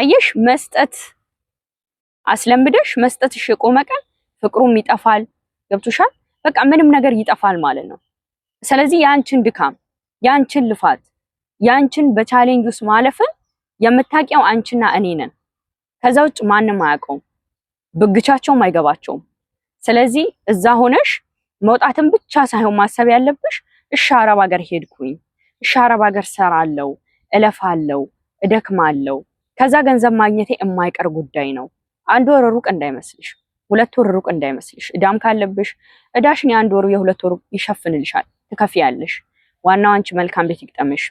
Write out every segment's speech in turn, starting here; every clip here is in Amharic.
አየሽ መስጠት አስለምደሽ መስጠትሽ የቆመ ቀን ፍቅሩም ይጠፋል። ገብቶሻል? በቃ ምንም ነገር ይጠፋል ማለት ነው። ስለዚህ ያንቺን ድካም፣ ያንቺን ልፋት፣ ያንቺን በቻሌንጅ ውስጥ ማለፍን የምታውቂው አንቺና እኔ ነን። ከዛ ውጭ ማንም አያውቀውም፣ ብግቻቸውም አይገባቸውም። ስለዚህ እዛ ሆነሽ መውጣትን ብቻ ሳይሆን ማሰብ ያለብሽ እሺ አረብ ሀገር ሄድኩኝ፣ እሺ አረብ ሀገር ሰራለው፣ እለፋለው፣ እደክማለው ከዛ ገንዘብ ማግኘቴ የማይቀር ጉዳይ ነው። አንድ ወር ሩቅ እንዳይመስልሽ፣ ሁለት ወር ሩቅ እንዳይመስልሽ። እዳም ካለብሽ እዳሽን የአንድ ወሩ የሁለት ወሩ ይሸፍንልሻል፣ ትከፍያለሽ። ዋናው አንቺ መልካም ቤት ይግጠምሽ።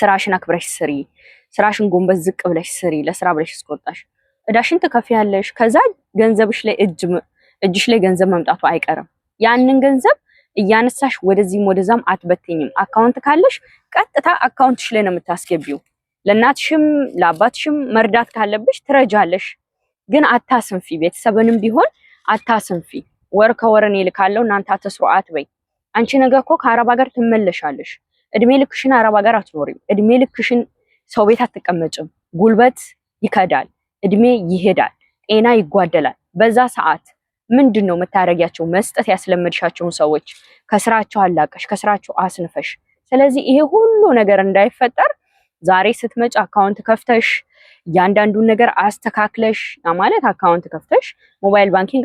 ስራሽን አክብረሽ ስሪ። ስራሽን ጎንበስ ዝቅ ብለሽ ስሪ። ለስራ ብለሽ እስከወጣሽ እዳሽን ትከፍያለሽ። ከዛ ገንዘብሽ ላይ እጅሽ ላይ ገንዘብ መምጣቱ አይቀርም። ያንን ገንዘብ እያነሳሽ ወደዚህም ወደዛም አትበትኝም። አካውንት ካለሽ ቀጥታ አካውንትሽ ላይ ነው የምታስገቢው። ለእናትሽም ለአባትሽም መርዳት ካለብሽ ትረጃለሽ፣ ግን አታስንፊ። ቤተሰብንም ቢሆን አታስንፊ። ወር ከወር እኔ እልካለሁ እናንተ አትስሩ አትበይ። አንቺ ነገ እኮ ከአረብ ሀገር ትመለሻለሽ። እድሜ ልክሽን አረብ ሀገር አትኖሪም። እድሜ ልክሽን ሰው ቤት አትቀመጭም። ጉልበት ይከዳል፣ እድሜ ይሄዳል፣ ጤና ይጓደላል። በዛ ሰዓት ምንድን ነው የምታደርጊያቸው? መስጠት ያስለመድሻቸውን ሰዎች ከስራቸው አላቀሽ፣ ከስራቸው አስንፈሽ። ስለዚህ ይሄ ሁሉ ነገር እንዳይፈጠር ዛሬ ስትመጭ አካውንት ከፍተሽ እያንዳንዱን ነገር አስተካክለሽ ማለት አካውንት ከፍተሽ ሞባይል ባንኪንግ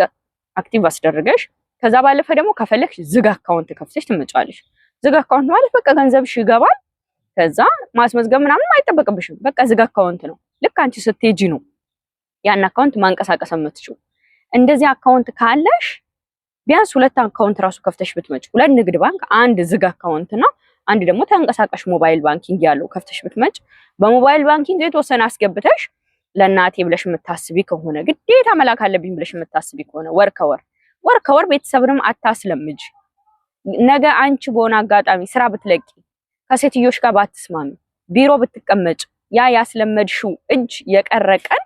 አክቲቭ አስደርገሽ ከዛ ባለፈ ደግሞ ከፈለግሽ ዝግ አካውንት ከፍተሽ ትመጫለሽ። ዝግ አካውንት ማለት በቃ ገንዘብሽ ይገባል። ከዛ ማስመዝገብ ምናምን አይጠበቅብሽም። በቃ ዝግ አካውንት ነው። ልክ አንቺ ስትሄጂ ነው ያን አካውንት ማንቀሳቀስ የምትችው። እንደዚህ አካውንት ካለሽ ቢያንስ ሁለት አካውንት ራሱ ከፍተሽ ብትመጭ፣ ሁለት ንግድ ባንክ፣ አንድ ዝግ አካውንት ነው። አንድ ደግሞ ተንቀሳቃሽ ሞባይል ባንኪንግ ያለው ከፍተሽ ብትመጭ በሞባይል ባንኪንግ የተወሰነ አስገብተሽ ለእናቴ ብለሽ የምታስቢ ከሆነ ግዴታ መላክ አለብኝ ብለሽ የምታስቢ ከሆነ ወር ከወር ወር ከወር ቤተሰብንም አታስለምጅ። ነገ አንቺ በሆነ አጋጣሚ ስራ ብትለቂ፣ ከሴትዮሽ ጋር ባትስማሚ፣ ቢሮ ብትቀመጭ ያ ያስለመድሽው እጅ የቀረቀን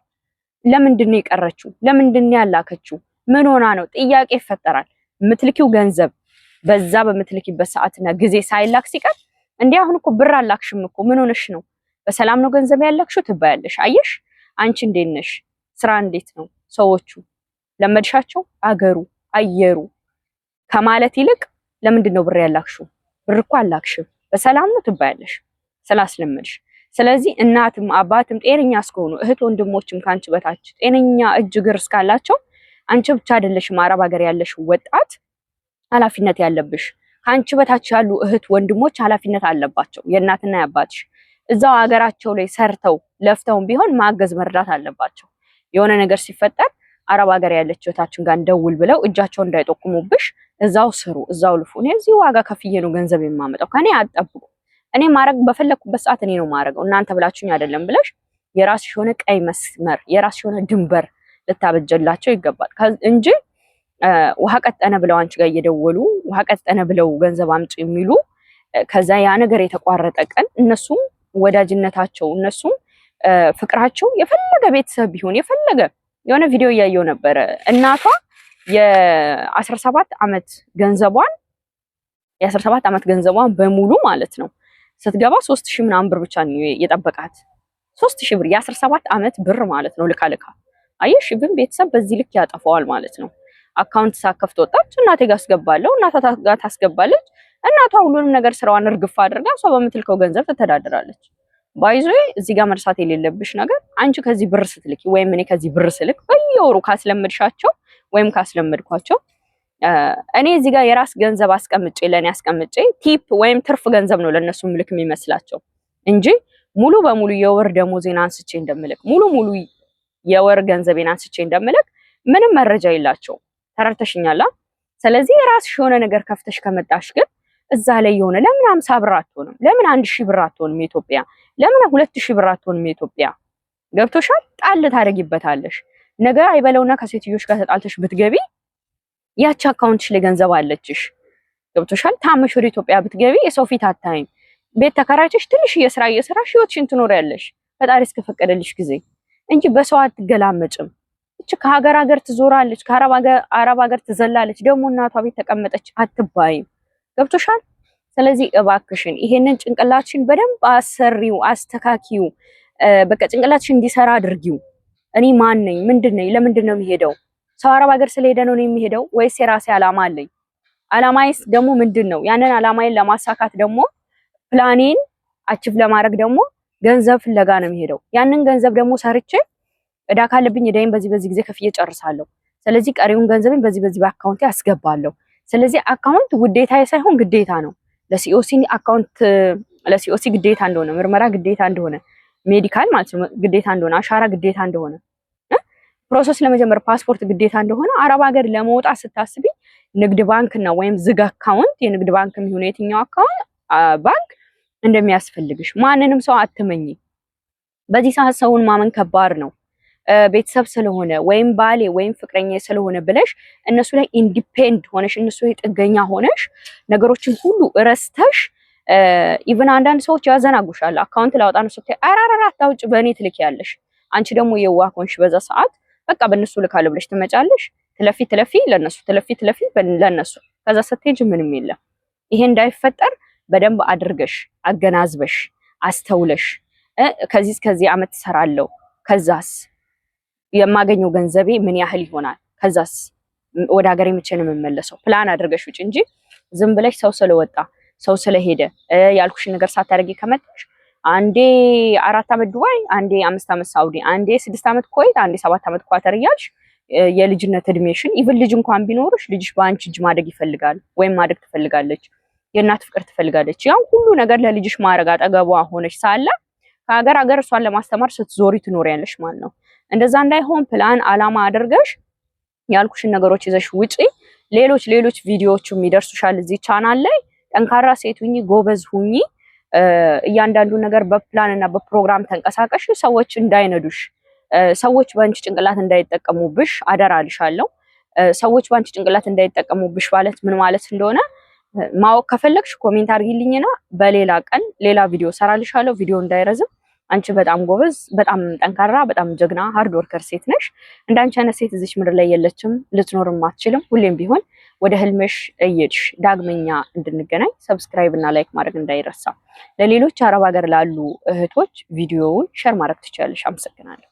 ለምንድን ነው የቀረችው? ለምንድን ያላከችው? ምን ሆና ነው? ጥያቄ ይፈጠራል። ምትልኪው ገንዘብ በዛ በምትልኪበት ሰዓትና ጊዜ ሳይላክ ሲቀር እንዲህ አሁን እኮ ብር አላክሽም እኮ ምን ሆነሽ ነው? በሰላም ነው ገንዘብ ያላክሽው ትባያለሽ። አየሽ አንቺ እንዴት ነሽ? ስራ እንዴት ነው? ሰዎቹ ለመድሻቸው? አገሩ አየሩ ከማለት ይልቅ ለምንድን ነው ብር ያላክሽው? ብር እኮ አላክሽም በሰላም ነው ትባያለሽ ስላስለመድሽ። ስለዚህ እናትም አባትም ጤነኛ እስከሆኑ እህት ወንድሞችም ከአንቺ በታች ጤነኛ እጅ እግር እስካላቸው አንቺ ብቻ አይደለሽም አረብ ሀገር ያለሽ ወጣት ኃላፊነት ያለብሽ። ከአንቺ በታች ያሉ እህት ወንድሞች ኃላፊነት አለባቸው። የእናትና የአባትሽ እዛው ሀገራቸው ላይ ሰርተው ለፍተውን ቢሆን ማገዝ መርዳት አለባቸው። የሆነ ነገር ሲፈጠር አረብ ሀገር ያለች እህታችን ጋር እንደውል ብለው እጃቸው እንዳይጠቁሙብሽ፣ እዛው ስሩ፣ እዛው ልፉ። እኔ እዚህ ዋጋ ከፍዬ ነው ገንዘብ የማመጣው፣ ከኔ አጠብቁ። እኔ ማድረግ በፈለግኩበት ሰዓት እኔ ነው ማድረገው፣ እናንተ ብላችሁኝ አይደለም ብለሽ የራስሽ የሆነ ቀይ መስመር የራስሽ የሆነ ድንበር ልታበጀላቸው ይገባል እንጂ ውሃ ቀጠነ ብለው አንቺ ጋር እየደወሉ ውሃ ቀጠነ ብለው ገንዘብ አምጪ የሚሉ ከዛ ያ ነገር የተቋረጠ ቀን እነሱም ወዳጅነታቸው እነሱም ፍቅራቸው የፈለገ ቤተሰብ ቢሆን የፈለገ የሆነ ቪዲዮ እያየው ነበረ። እናቷ የአስራ ሰባት ዓመት ገንዘቧን የአስራ ሰባት ዓመት ገንዘቧን በሙሉ ማለት ነው ስትገባ ሶስት ሺህ ምናምን ብር ብቻ ነው የጠበቃት። ሶስት ሺህ ብር የአስራ ሰባት ዓመት ብር ማለት ነው ልካ ልካ። አየሽ፣ ግን ቤተሰብ በዚህ ልክ ያጠፋዋል ማለት ነው። አካውንት ሳከፍት ወጣች። እናቴ ጋር አስገባለሁ። እናቷ ጋር ታስገባለች። እናቷ ሁሉንም ነገር ስራዋን እርግፋ አድርጋ እሷ በምትልከው ገንዘብ ትተዳደራለች። ባይዞ እዚህ ጋር መርሳት የሌለብሽ ነገር አንቺ ከዚህ ብር ስትልኪ ወይም እኔ ከዚህ ብር ስልክ በየወሩ ካስለምድሻቸው ወይም ካስለምድኳቸው እኔ እዚህ ጋር የራስ ገንዘብ አስቀምጬ ለእኔ አስቀምጬ ቲፕ ወይም ትርፍ ገንዘብ ነው ለእነሱ ምልክ የሚመስላቸው እንጂ ሙሉ በሙሉ የወር ደሞዜን አንስቼ እንደምልክ ሙሉ ሙሉ የወር ገንዘቤን አንስቼ እንደምልክ ምንም መረጃ የላቸውም። ተረድተሽኛላ። ስለዚህ የራስሽ የሆነ ነገር ከፍተሽ ከመጣሽ ግን እዛ ላይ የሆነ ለምን አምሳ ብር አትሆንም? ለምን አንድ ሺህ ብር አትሆንም? የኢትዮጵያ ለምን ሁለት ሺህ ብር አትሆንም? የኢትዮጵያ ገብቶሻል። ጣል ታደርጊበታለሽ። ነገር አይበለውና ከሴትዮሽ ጋር ተጣልተሽ ብትገቢ ያቺ አካውንትሽ ላይ ገንዘብ አለችሽ። ገብቶሻል። ታመሽ ወደ ኢትዮጵያ ብትገቢ የሰው ፊት አታይም። ቤት ተከራይተሽ ትንሽ እየስራ እየሰራሽ ህይወትሽን ትኖሪያለሽ፣ ፈጣሪ እስከፈቀደልሽ ጊዜ እንጂ በሰው አትገላመጭም። እች ከሀገር ሀገር ትዞራለች፣ ከአረብ ሀገር ትዘላለች። ደግሞ እናቷ ቤት ተቀመጠች አትባይም። ገብቶሻል? ስለዚህ እባክሽን ይሄንን ጭንቅላትሽን በደንብ አሰሪው፣ አስተካኪው። በቃ ጭንቅላትሽን እንዲሰራ አድርጊው። እኔ ማን ነኝ? ምንድን ነኝ? ለምንድን ነው የሚሄደው? ሰው አረብ ሀገር ስለሄደ ነው የሚሄደው ወይስ የራሴ አላማ አለኝ? አላማዬስ ደግሞ ምንድን ነው? ያንን አላማዬን ለማሳካት ደግሞ ፕላኔን አችፍ ለማድረግ ደግሞ ገንዘብ ፍለጋ ነው የሚሄደው። ያንን ገንዘብ ደግሞ ሰርቼ እዳ ካለብኝ እዳይም በዚህ በዚህ ጊዜ ከፍዬ ጨርሳለሁ። ስለዚህ ቀሪውን ገንዘብን በዚህ በዚህ በአካውንት አስገባለሁ። ስለዚህ አካውንት ውዴታ ሳይሆን ግዴታ ነው። ለሲኦሲ አካውንት ለሲኦሲ ግዴታ እንደሆነ ምርመራ ግዴታ እንደሆነ ሜዲካል ማለት ነው ግዴታ እንደሆነ አሻራ ግዴታ እንደሆነ ፕሮሰስ ለመጀመር ፓስፖርት ግዴታ እንደሆነ አረብ ሀገር ለመውጣት ስታስቢ ንግድ ባንክና ወይም ዝግ አካውንት የንግድ ባንክ የሚሆነ የትኛው አካውንት ባንክ እንደሚያስፈልግሽ ማንንም ሰው አትመኝ። በዚህ ሰዓት ሰውን ማመን ከባድ ነው። ቤተሰብ ስለሆነ ወይም ባሌ ወይም ፍቅረኛ ስለሆነ ብለሽ እነሱ ላይ ኢንዲፔንድ ሆነሽ እነሱ ላይ ጥገኛ ሆነሽ ነገሮችን ሁሉ ረስተሽ ኢቨን አንዳንድ ሰዎች ያዘናጉሻል። አካውንት ላወጣ ነው ስትይ አራራራ አታውጭ፣ በእኔ ያለሽ አንቺ ደግሞ የዋህ ሆንሽ። በዛ ሰዓት በቃ በእነሱ ልካለ ብለሽ ትመጫለሽ። ትለፊ ትለፊ ለነሱ ትለፊ ትለፊ ለነሱ ከዛ ስትሄጂ ምንም የለም። ይሄ እንዳይፈጠር በደንብ አድርገሽ አገናዝበሽ አስተውለሽ ከዚህ እስከዚህ አመት ትሰራለው ከዛስ የማገኘው ገንዘቤ ምን ያህል ይሆናል፣ ከዛስ ወደ ሀገሬ መቼ ነው የምመለሰው? ፕላን አድርገሽ ውጭ እንጂ ዝም ብለሽ ሰው ስለወጣ ሰው ስለሄደ ያልኩሽን ነገር ሳታደርጊ ከመጣሽ አንዴ አራት ዓመት ዱባይ፣ አንዴ አምስት ዓመት ሳውዲ፣ አንዴ ስድስት ዓመት ኩዌት፣ አንዴ ሰባት ዓመት ኳተር እያልሽ የልጅነት እድሜሽን ኢቭን ልጅ እንኳን ቢኖርሽ ልጅሽ በአንቺ እጅ ማደግ ይፈልጋል ወይም ማደግ ትፈልጋለች፣ የእናት ፍቅር ትፈልጋለች። ያን ሁሉ ነገር ለልጅሽ ማድረግ አጠገቧ ሆነች ሳለ ከሀገር ሀገር እሷን ለማስተማር ስትዞሪ ትኖሪያለሽ ማለት ነው። እንደዛ እንዳይሆን ፕላን አላማ አድርገሽ ያልኩሽን ነገሮች ይዘሽ ውጪ። ሌሎች ሌሎች ቪዲዮዎች ይደርሱሻል እዚህ ቻናል ላይ። ጠንካራ ሴት ሁኚ፣ ጎበዝ ሁኚ። እያንዳንዱ ነገር በፕላን እና በፕሮግራም ተንቀሳቀሽ። ሰዎች እንዳይነዱሽ፣ ሰዎች በአንቺ ጭንቅላት እንዳይጠቀሙብሽ አደራልሻለሁ። ሰዎች በአንቺ ጭንቅላት እንዳይጠቀሙብሽ ማለት ምን ማለት እንደሆነ ማወቅ ከፈለግሽ ኮሜንት አድርጊልኝና በሌላ ቀን ሌላ ቪዲዮ ሰራልሻለሁ። ቪዲዮ እንዳይረዝም አንቺ በጣም ጎበዝ፣ በጣም ጠንካራ፣ በጣም ጀግና ሀርድ ወርከር ሴት ነሽ። እንደ አንቺ አይነት ሴት እዚች ምድር ላይ የለችም፣ ልትኖርም አትችልም። ሁሌም ቢሆን ወደ ህልምሽ እየሄድሽ ዳግመኛ እንድንገናኝ ሰብስክራይብ እና ላይክ ማድረግ እንዳይረሳ። ለሌሎች አረብ ሀገር ላሉ እህቶች ቪዲዮውን ሸር ማድረግ ትችላለሽ። አመሰግናለሁ።